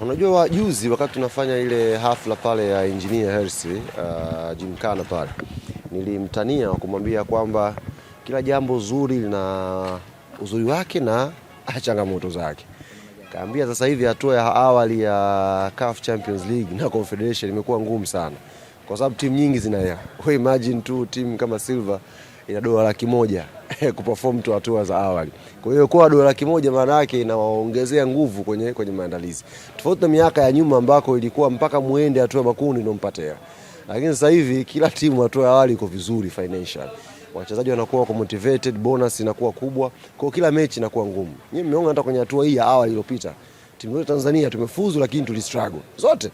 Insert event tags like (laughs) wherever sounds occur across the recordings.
Unajua, juzi wakati tunafanya ile hafla pale ya engineer Hersi uh, pale, nilimtania kumwambia kwamba kila jambo zuri lina uzuri wake na (laughs) changamoto zake. Kaambia sasa hivi hatua ya awali ya CAF Champions League na Confederation imekuwa ngumu sana, kwa sababu timu nyingi zinaea. (laughs) Wewe imagine tu timu kama Silver ina dola laki moja (laughs) kuperform tu hatua za awali. Kwa hiyo kwa dola laki moja maana yake inawaongezea nguvu kwenye, kwenye maandalizi tofauti na miaka ya nyuma ambako ilikuwa mpaka muende hatua makundi ndio mpate hela, lakini sasa hivi kila timu hatua ya awali iko vizuri financial wachezaji wanakuwa wako motivated, bonus inakuwa kubwa, kwa hiyo kila mechi inakuwa ngumu. Mmeona hata kwenye hatua hii ya awali iliyopita timu zote Tanzania tumefuzu, lakini tulistruggle zote.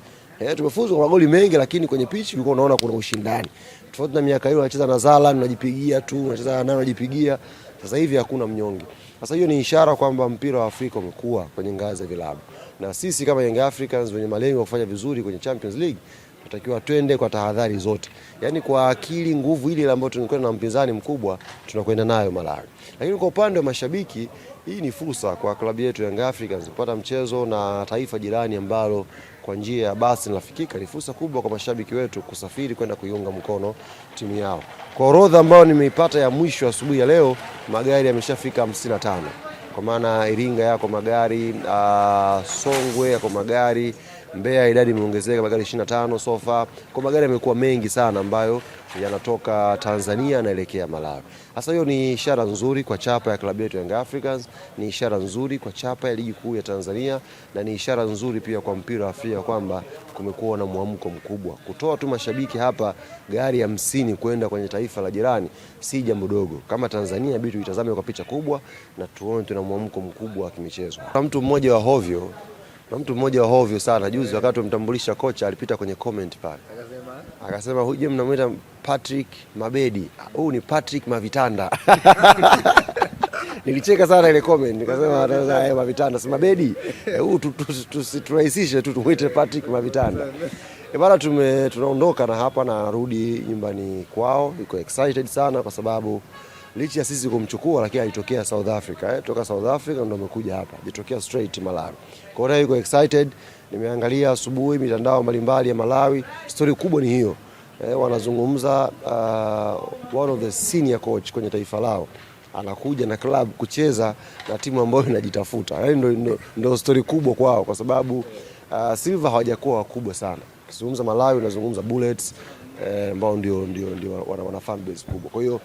Eh, tumefuzu kwa magoli mengi lakini kwenye pitch ulikuwa unaona kuna ushindani. Tofauti na miaka hiyo unacheza na Zala unajipigia tu, unacheza na unajipigia. Sasa hivi hakuna mnyonge. Sasa hiyo ni ishara kwamba mpira wa Afrika umekuwa kwenye ngazi ya vilabu. Na sisi kama Young Africans wenye malengo ya kufanya vizuri kwenye Champions League Tunatakiwa twende kwa tahadhari zote, yaani kwa akili nguvu ile ambayo tunakwenda na mpinzani mkubwa tunakwenda nayo Malawi. Lakini kwa upande wa mashabiki, hii ni fursa kwa klabu yetu Young Africans kupata mchezo na taifa jirani ambalo kwa njia ya basi linafikika. Ni fursa kubwa kwa mashabiki wetu kusafiri kwenda kuiunga mkono timu yao. Kwa orodha ambayo nimeipata ya mwisho asubuhi ya leo, magari yameshafika 55 kwa maana Iringa yako magari, uh, Songwe yako magari Mbeya idadi imeongezeka magari 25 sofa, kwa magari yamekuwa mengi sana ambayo yanatoka Tanzania yanaelekea Malawi. Sasa hiyo ni ishara nzuri kwa chapa ya klabu yetu Young Africans, ni ishara nzuri kwa chapa ya ligi kuu ya Tanzania na ni ishara nzuri pia kwa mpira wa Afrika kwamba kumekuwa na mwamko mkubwa. Kutoa tu mashabiki hapa gari hamsini kwenda kwenye taifa la jirani si jambo dogo. Kama Tanzania bitu tuitazame kwa picha kubwa na tuone tuna mwamko mkubwa wa kimichezo. Mtu mmoja wa hovyo na mtu mmoja wa hovyo sana juzi, wakati tumtambulisha kocha, alipita kwenye comment pale akasema, huyu mnamwita Patrick Mabedi, ah, huu ni Patrick Mavitanda. (laughs) Nilicheka sana ile comment, nikasema Mavitanda si Mabedi, eh, huyu tusiturahisishe tu tumwite Patrick Mavitanda. Eh, bana, tunaondoka na hapa na narudi nyumbani kwao, iko excited sana kwa sababu licha ya sisi kumchukua, lakini alitokea South Africa eh, toka South Africa ndo amekuja hapa, alitokea straight Malawi. Kwa hiyo yuko excited. Nimeangalia asubuhi mitandao mbalimbali ya Malawi, stori kubwa ni hiyo eh, wanazungumza uh, one of the senior coach kwenye taifa lao anakuja na club kucheza na timu ambayo inajitafuta. Yaani ndo, ndo, ndo stori kubwa kwao kwa sababu uh, Silver hawajakuwa wakubwa sana. Ukizungumza Malawi unazungumza Bullets, Eh, ambao e, ndio, ndio, ndio wana, wana fan base kubwa. Kwa hiyo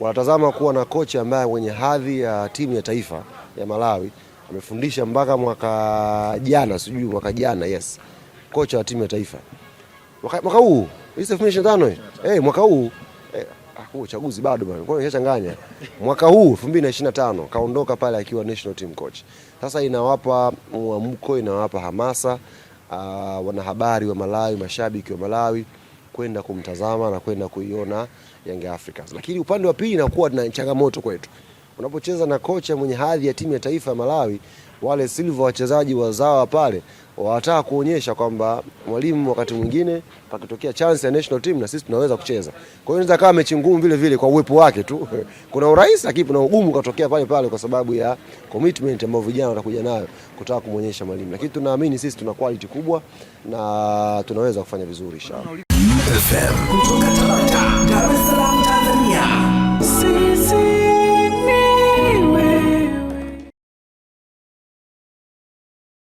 wanatazama kuwa na kocha ambaye mwenye hadhi ya timu ya taifa ya Malawi amefundisha mpaka mwaka jana, sijui mwaka jana, yes, kocha wa timu ya taifa mwaka huu hey, mwaka huu hey, eh? eh, ah, uchaguzi bado bwana, kwa hiyo inachanganya mwaka huu 2025 kaondoka pale akiwa national team coach. Sasa inawapa mwamko, inawapa hamasa uh, wanahabari wa Malawi, mashabiki wa Malawi kwenda kumtazama na kwenda kuiona Young Africans. Lakini upande wa pili inakuwa na changamoto kwetu unapocheza na kocha mwenye hadhi ya timu ya taifa ya Malawi, wale Silva wachezaji wazawa pale wanataka kuonyesha kwamba mwalimu, wakati mwingine pakitokea chance ya national team na sisi tunaweza kucheza. Kwa hiyo inaweza kama mechi ngumu vile vile kwa uwepo wake tu (laughs) kuna urahisi lakini kuna ugumu katokea pale pale, kwa sababu ya commitment ambayo vijana watakuja nayo kutaka kumuonyesha mwalimu, lakini tunaamini sisi tuna quality kubwa na tunaweza kufanya vizuri inshallah. FM kutoka Tabata, Dar es Salaam.